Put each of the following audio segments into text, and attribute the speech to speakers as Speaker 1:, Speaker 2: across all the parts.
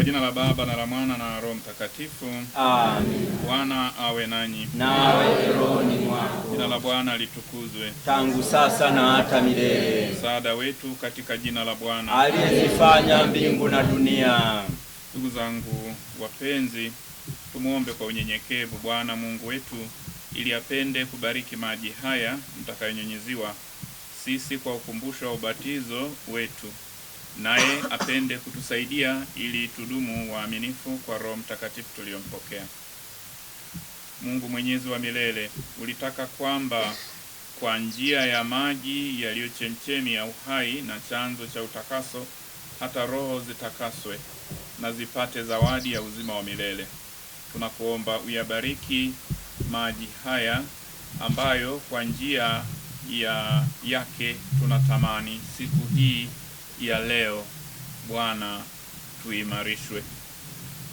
Speaker 1: Kwa jina la Baba na la Mwana na Roho Mtakatifu.
Speaker 2: Amen.
Speaker 1: Bwana awe nanyi.
Speaker 2: Nawe rohoni mwako.
Speaker 1: Jina la Bwana litukuzwe
Speaker 2: tangu sasa na hata milele.
Speaker 1: Msaada wetu katika jina la Bwana
Speaker 2: aliyezifanya mbingu na dunia.
Speaker 1: Ndugu zangu wapenzi, tumuombe kwa unyenyekevu Bwana Mungu wetu ili apende kubariki maji haya mtakayonyunyiziwa sisi kwa ukumbusho wa ubatizo wetu naye apende kutusaidia ili tudumu waaminifu kwa Roho Mtakatifu tuliyompokea. Mungu Mwenyezi wa milele, ulitaka kwamba kwa njia ya maji yaliyo chemchemi ya uhai na chanzo cha utakaso, hata roho zitakaswe na zipate zawadi ya uzima wa milele. Tunakuomba uyabariki maji haya ambayo kwa njia ya yake tunatamani siku hii ya leo. Bwana, tuimarishwe.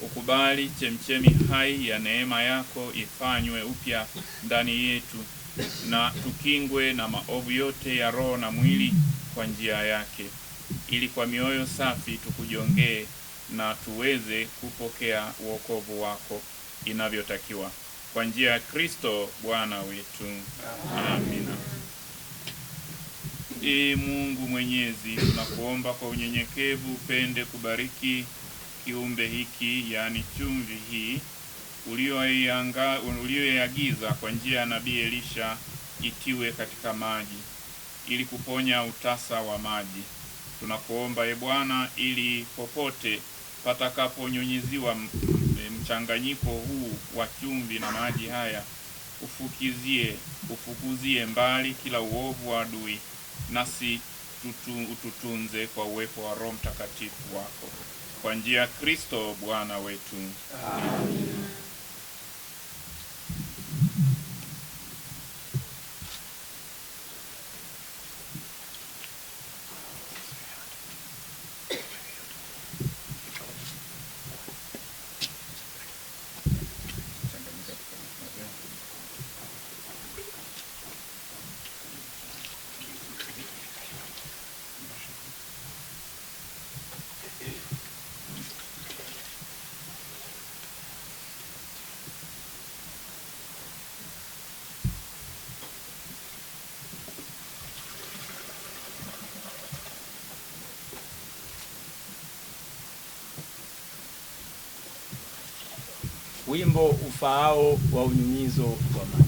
Speaker 1: Ukubali chemchemi hai ya neema yako ifanywe upya ndani yetu, na tukingwe na maovu yote ya roho na mwili kwa njia yake, ili kwa mioyo safi tukujongee na tuweze kupokea wokovu wako inavyotakiwa kwa njia ya Kristo Bwana wetu. Amina. E Mungu Mwenyezi, tunakuomba kwa unyenyekevu upende kubariki kiumbe hiki, yaani chumvi hii uliyoiagiza kwa njia ya nabii Elisha itiwe katika maji ili kuponya utasa wa maji. Tunakuomba e Bwana, ili popote patakaponyunyiziwa mchanganyiko huu wa chumvi na maji haya, ufukizie ufukuzie mbali kila uovu wa adui nasi tutu, ututunze kwa uwepo wa Roho Mtakatifu wako kwa njia ya Kristo Bwana wetu
Speaker 2: Amen.
Speaker 1: Wimbo ufaao wa unyunyizo wa maji.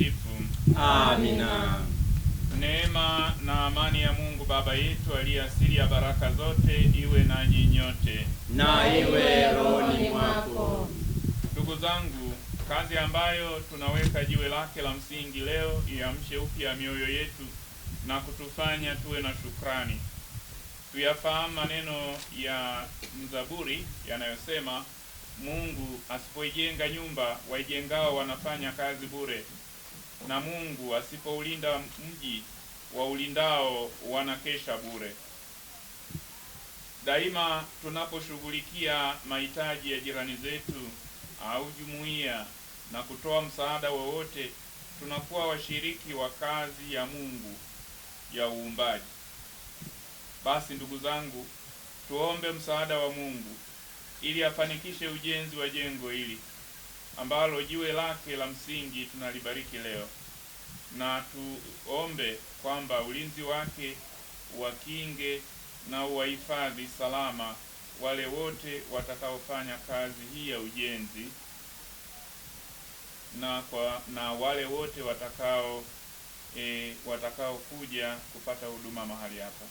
Speaker 1: Mtakatifu.
Speaker 2: Amina.
Speaker 1: Neema na amani ya Mungu Baba yetu aliye asili ya baraka zote iwe nanyi nyote
Speaker 2: na iwe rohoni mwako.
Speaker 1: Ndugu zangu, kazi ambayo tunaweka jiwe lake la msingi leo iamshe upya mioyo yetu na kutufanya tuwe na shukrani. Tuyafahamu maneno ya mzaburi yanayosema, Mungu asipoijenga nyumba, waijengao wanafanya kazi bure na Mungu asipoulinda mji wa ulindao wanakesha bure. Daima tunaposhughulikia mahitaji ya jirani zetu au jumuiya na kutoa msaada wowote, tunakuwa washiriki wa kazi ya Mungu ya uumbaji. Basi ndugu zangu, tuombe msaada wa Mungu ili afanikishe ujenzi wa jengo hili ambalo jiwe lake la msingi tunalibariki leo, na tuombe kwamba ulinzi wake wakinge na uwahifadhi salama wale wote watakaofanya kazi hii ya ujenzi na kwa na wale wote watakao e, watakaokuja kupata huduma mahali hapa,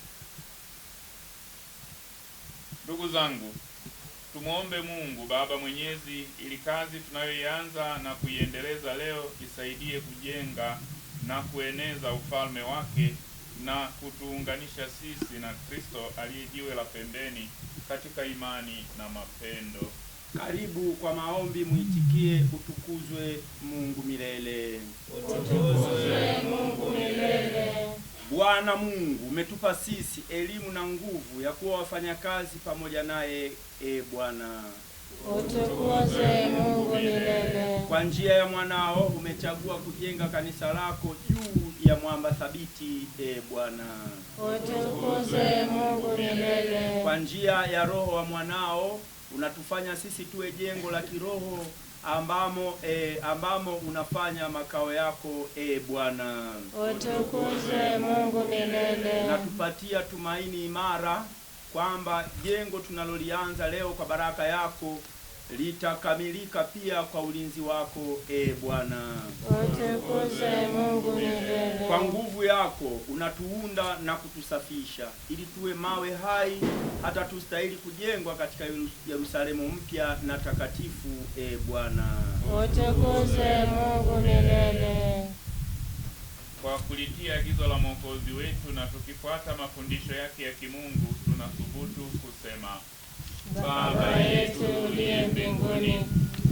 Speaker 1: ndugu zangu. Tumwombe Mungu Baba Mwenyezi ili kazi tunayoianza na kuiendeleza leo isaidie kujenga na kueneza ufalme wake na kutuunganisha sisi na Kristo aliye jiwe la pembeni katika imani na mapendo.
Speaker 2: Karibu kwa maombi, mwitikie: utukuzwe Mungu milele, utukuzwe. Bwana Mungu umetupa sisi elimu na nguvu ya kuwa wafanyakazi pamoja naye. E Bwana, utukuzwe Mungu milele. Kwa njia ya mwanao umechagua kujenga kanisa lako juu ya mwamba thabiti. E Bwana, utukuzwe Mungu milele. Kwa njia ya Roho wa mwanao unatufanya sisi tuwe jengo la kiroho ambamo e, ambamo unafanya makao yako e Bwana. Utukuzwe Mungu milele. Natupatia tumaini imara kwamba jengo tunalolianza leo kwa baraka yako litakamilika pia kwa ulinzi wako, e Bwana. Utukuzwe Mungu milele. Kwa nguvu yako unatuunda na kutusafisha ili tuwe mawe hai hata tustahili kujengwa katika Yerusalemu mpya na takatifu, e Bwana. Utukuzwe Mungu milele.
Speaker 1: Kwa kulitia agizo la Mwokozi wetu na tukifuata mafundisho yake ya kimungu tunathubutu kusema
Speaker 2: Baba yetu uliye mbinguni,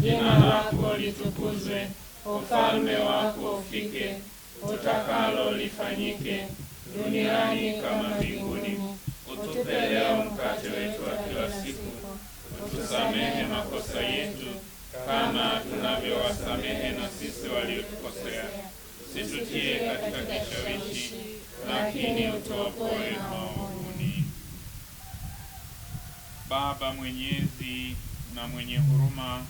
Speaker 2: jina lako litukuzwe, ufalme wako ufike, utakalo lifanyike duniani kama mbinguni. Utupe leo mkate wetu wa kila siku, utusamehe makosa yetu kama tunavyowasamehe na sisi waliotukosea, usitutie katika kishawishi, lakini utuokoe maovu.
Speaker 1: Baba mwenyezi na mwenye huruma,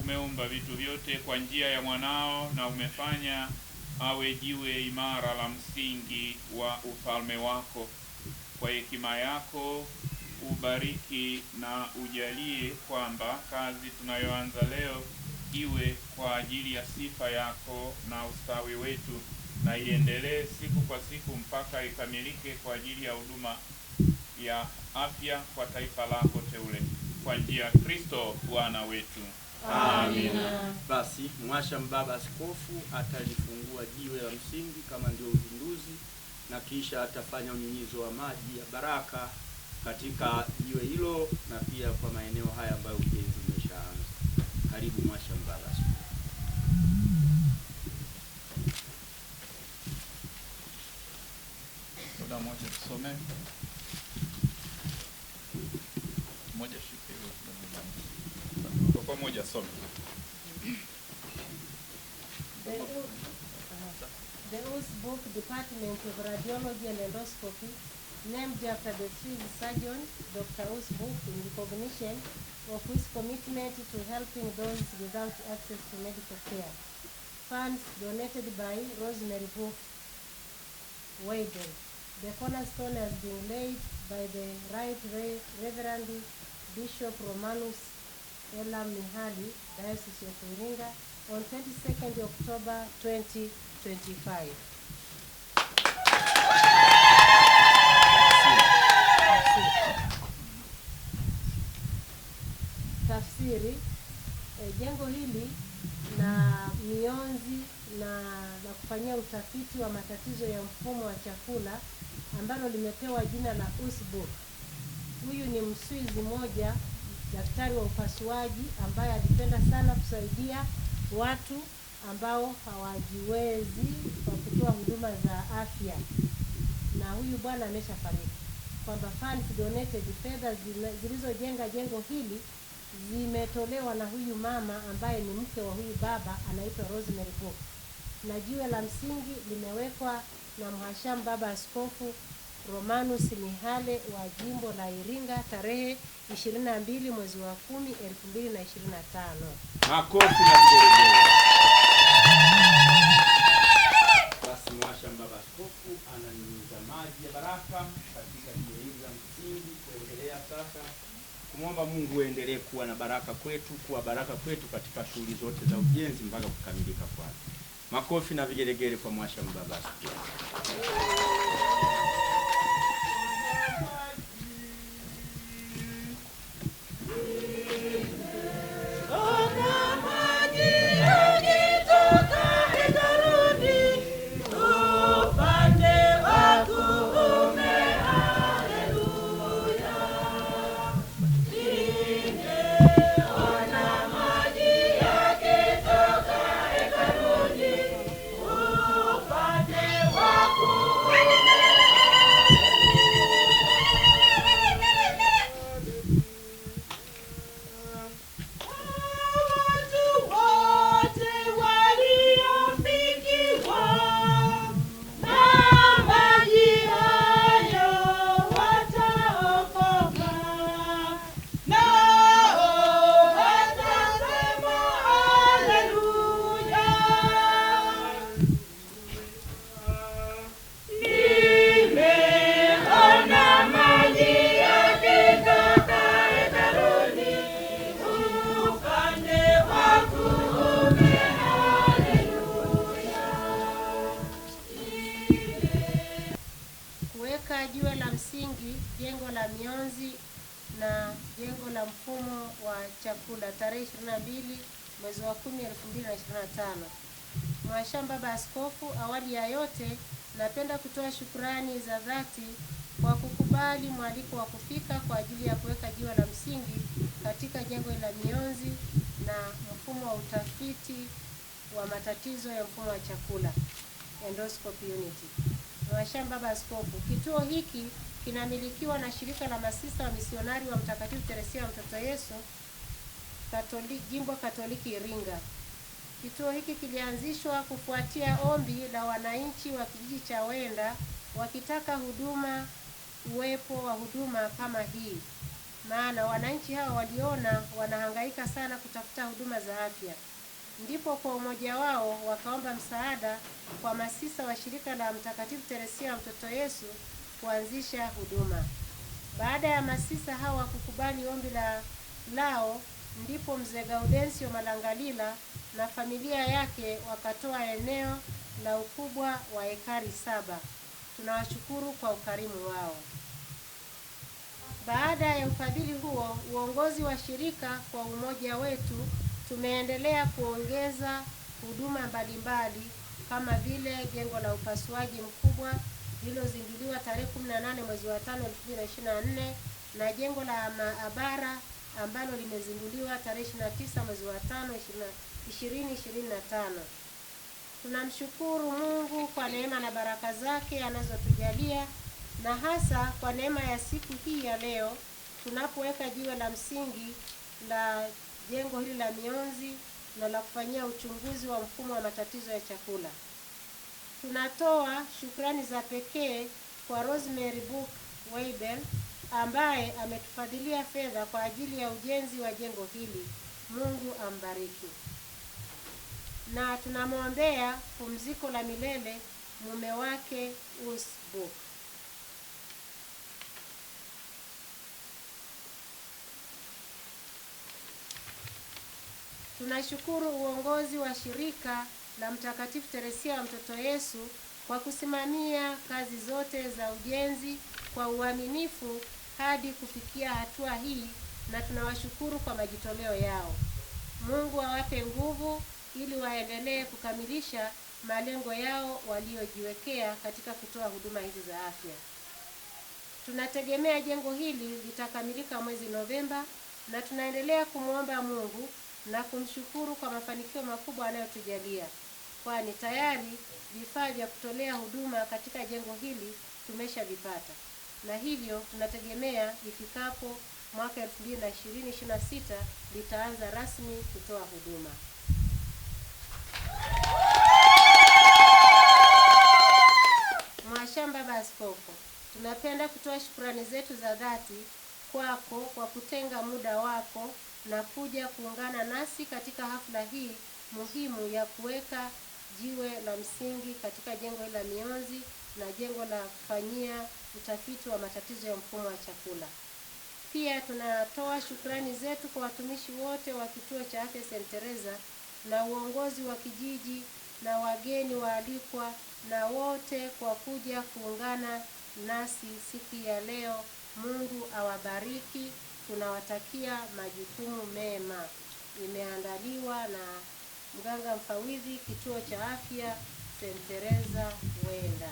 Speaker 1: umeumba vitu vyote kwa njia ya mwanao na umefanya awe jiwe imara la msingi wa ufalme wako. Kwa hekima yako ubariki na ujalie kwamba kazi tunayoanza leo iwe kwa ajili ya sifa yako na ustawi wetu, na iendelee siku kwa siku mpaka ikamilike kwa ajili ya huduma ya afya kwa taifa lako teule kwa njia ya Kristo Bwana wetu.
Speaker 2: Amina. Basi Mwasha Mbaba askofu atalifungua jiwe la msingi kama ndio uzinduzi, na kisha atafanya unyunyizo wa maji ya baraka katika jiwe hilo na pia kwa maeneo haya ambayo ujenzi umeshaanza. Karibu Mwasha Mbaba askofu.
Speaker 1: Soda
Speaker 3: Department of Radiology and Endoscopy, named after the Swiss surgeon, Dr. Usbuch, in recognition of his commitment to helping those without access to medical care. Funds donated by Rosemary Book Weidel. The cornerstone has been laid by the Right Reverend Bishop Romanus Ella Mihali, Diocese of Iringa, on 22nd October 2025. usafiri e, eh, jengo hili na mionzi na na kufanyia utafiti wa matatizo ya mfumo wa chakula ambalo limepewa jina la Usbu. Huyu ni Mswizi mmoja daktari wa upasuaji ambaye alipenda sana kusaidia watu ambao hawajiwezi kwa kutoa huduma za afya, na huyu bwana ameshafariki, kwamba funds donated, fedha zilizojenga jengo hili zimetolewa na huyu mama ambaye ni mke wa huyu baba anaitwa Rosemary Pope, na jiwe la msingi limewekwa na mhashamu baba askofu Romanus Mihale wa jimbo la Iringa tarehe 22 mwezi wa 10 2025.
Speaker 1: Makofi na vigelegele. Basi mhashamu baba askofu ananyunyiza maji ya baraka katika jiwe hili la msingi kuendelea sasa kumwomba Mungu endelee kuwa na baraka kwetu, kuwa baraka kwetu katika shughuli zote za ujenzi mpaka kukamilika kwake. Makofi na vigelegele kwa Mwashamu Baba Askofu.
Speaker 3: Mkula tarehe 22 mwezi wa 10 2025. Mwashamba Baba Askofu, awali ya yote napenda kutoa shukurani za dhati kwa kukubali mwaliko wa kufika kwa ajili ya kuweka jiwe la msingi katika jengo la mionzi na mfumo wa utafiti wa matatizo ya mfumo wa chakula endoscopy unit. Mwashamba Baba Askofu, kituo hiki kinamilikiwa na shirika la masista wa misionari wa Mtakatifu Teresia wa Mtoto Yesu Katoli, Jimbo Katoliki Iringa. Kituo hiki kilianzishwa kufuatia ombi la wananchi wa kijiji cha Wenda wakitaka huduma uwepo wa huduma kama hii, maana wananchi hao waliona wanahangaika sana kutafuta huduma za afya. Ndipo kwa umoja wao wakaomba msaada kwa masisa wa shirika la Mtakatifu Teresia wa Mtoto Yesu kuanzisha huduma. Baada ya masisa hawa kukubali ombi la lao ndipo mzee Gaudensio Malangalila na familia yake wakatoa eneo la ukubwa wa ekari saba. Tunawashukuru kwa ukarimu wao. Baada ya ufadhili huo, uongozi wa shirika kwa umoja wetu tumeendelea kuongeza huduma mbalimbali kama vile jengo la upasuaji mkubwa lililozinduliwa tarehe 18 mwezi wa 5 2024 na jengo la maabara ambalo limezinduliwa tarehe 29 mwezi wa 5 2025. Tunamshukuru Mungu kwa neema na baraka zake anazotujalia na hasa kwa neema ya siku hii ya leo tunapoweka jiwe la msingi la jengo hili la mionzi na la kufanyia uchunguzi wa mfumo wa matatizo ya chakula. Tunatoa shukrani za pekee kwa Rosemary Book Weibel ambaye ametufadhilia fedha kwa ajili ya ujenzi wa jengo hili. Mungu ambariki. Na tunamwombea pumziko la milele mume wake Usbu. Tunashukuru uongozi wa shirika la Mtakatifu Teresia wa Mtoto Yesu kwa kusimamia kazi zote za ujenzi kwa uaminifu hadi kufikia hatua hii na tunawashukuru kwa majitoleo yao. Mungu awape nguvu ili waendelee kukamilisha malengo yao waliojiwekea katika kutoa huduma hizi za afya. Tunategemea jengo hili litakamilika mwezi Novemba na tunaendelea kumwomba Mungu na kumshukuru kwa mafanikio makubwa anayotujalia, kwani tayari vifaa vya kutolea huduma katika jengo hili tumeshavipata na hivyo tunategemea ifikapo mwaka 2026 litaanza rasmi kutoa huduma. Mwashamba Baba Askofu, tunapenda kutoa shukrani zetu za dhati kwako kwa kutenga muda wako na kuja kuungana nasi katika hafla hii muhimu ya kuweka jiwe la msingi katika jengo la mionzi na jengo la kufanyia utafiti wa matatizo ya mfumo wa chakula. Pia tunatoa shukrani zetu kwa watumishi wote wa kituo cha afya St. Teresa na uongozi wa kijiji na wageni waalikwa na wote kwa kuja kuungana nasi siku ya leo. Mungu awabariki. Tunawatakia majukumu mema. Imeandaliwa na mganga mfawidhi kituo cha afya St. Teresa Wenda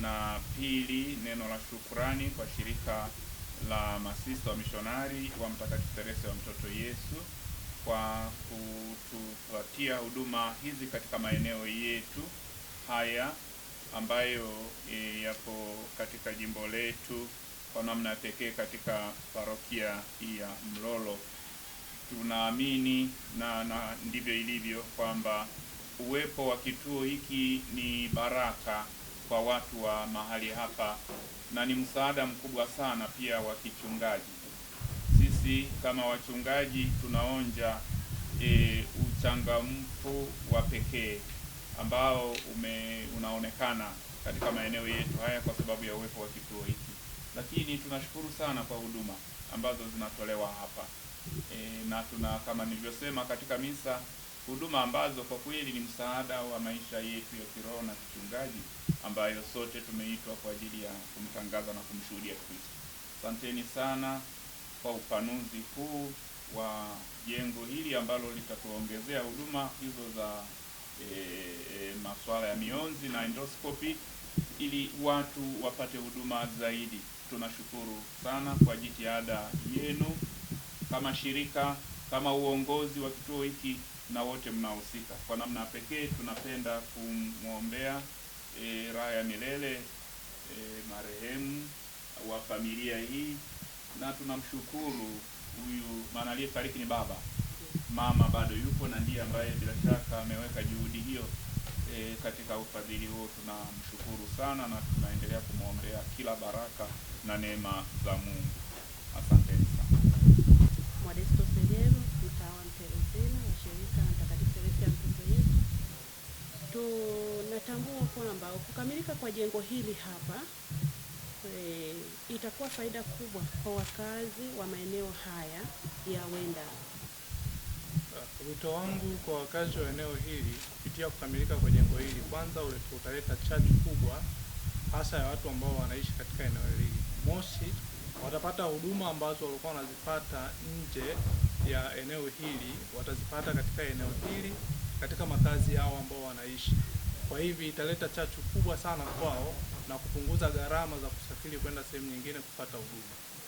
Speaker 1: na pili, neno la shukrani kwa shirika la masista wa mishonari wa Mtakatifu Teresa wa Mtoto Yesu kwa kutupatia huduma hizi katika maeneo yetu haya ambayo e, yapo katika jimbo letu kwa namna pekee katika parokia ya Mlolo. Tunaamini na, na ndivyo ilivyo kwamba uwepo wa kituo hiki ni baraka kwa watu wa mahali hapa na ni msaada mkubwa sana pia wa kichungaji. Sisi kama wachungaji tunaonja e, uchangamfu wa pekee ambao ume, unaonekana katika maeneo yetu haya kwa sababu ya uwepo wa kituo hiki, lakini tunashukuru sana kwa huduma ambazo zinatolewa hapa e, na tuna kama nilivyosema katika misa huduma ambazo kwa kweli ni msaada wa maisha yetu ya kiroho na kichungaji, ambayo sote tumeitwa kwa ajili ya kumtangaza na kumshuhudia Kristo. Asanteni sana kwa upanuzi huu wa jengo hili ambalo litatuongezea huduma hizo za e, e, masuala ya mionzi na endoscopy ili watu wapate huduma zaidi. Tunashukuru sana kwa jitihada yenu kama shirika, kama uongozi wa kituo hiki na wote mnahusika. Kwa namna pekee tunapenda kumwombea e, raha ya milele e, marehemu wa familia hii, na tunamshukuru huyu, maana aliyefariki ni baba, mama bado yupo na ndiye ambaye bila shaka ameweka juhudi hiyo e, katika ufadhili huo. Tunamshukuru sana na tunaendelea kumwombea kila baraka na neema za Mungu. Asanteni sana.
Speaker 3: tunatambua kwamba kukamilika kwa jengo hili hapa e, itakuwa faida kubwa kwa wakazi wa maeneo haya ya Wenda.
Speaker 1: Ah, wito wangu kwa wakazi wa eneo hili kupitia kukamilika kwa jengo hili, kwanza utaleta chachu kubwa hasa ya watu ambao wanaishi katika eneo hili. Mosi, watapata huduma ambazo walikuwa wanazipata nje ya eneo hili, watazipata katika eneo hili katika makazi yao ambao wanaishi. Kwa hivi italeta chachu kubwa sana kwao na kupunguza gharama za kusafiri kwenda sehemu nyingine kupata huduma.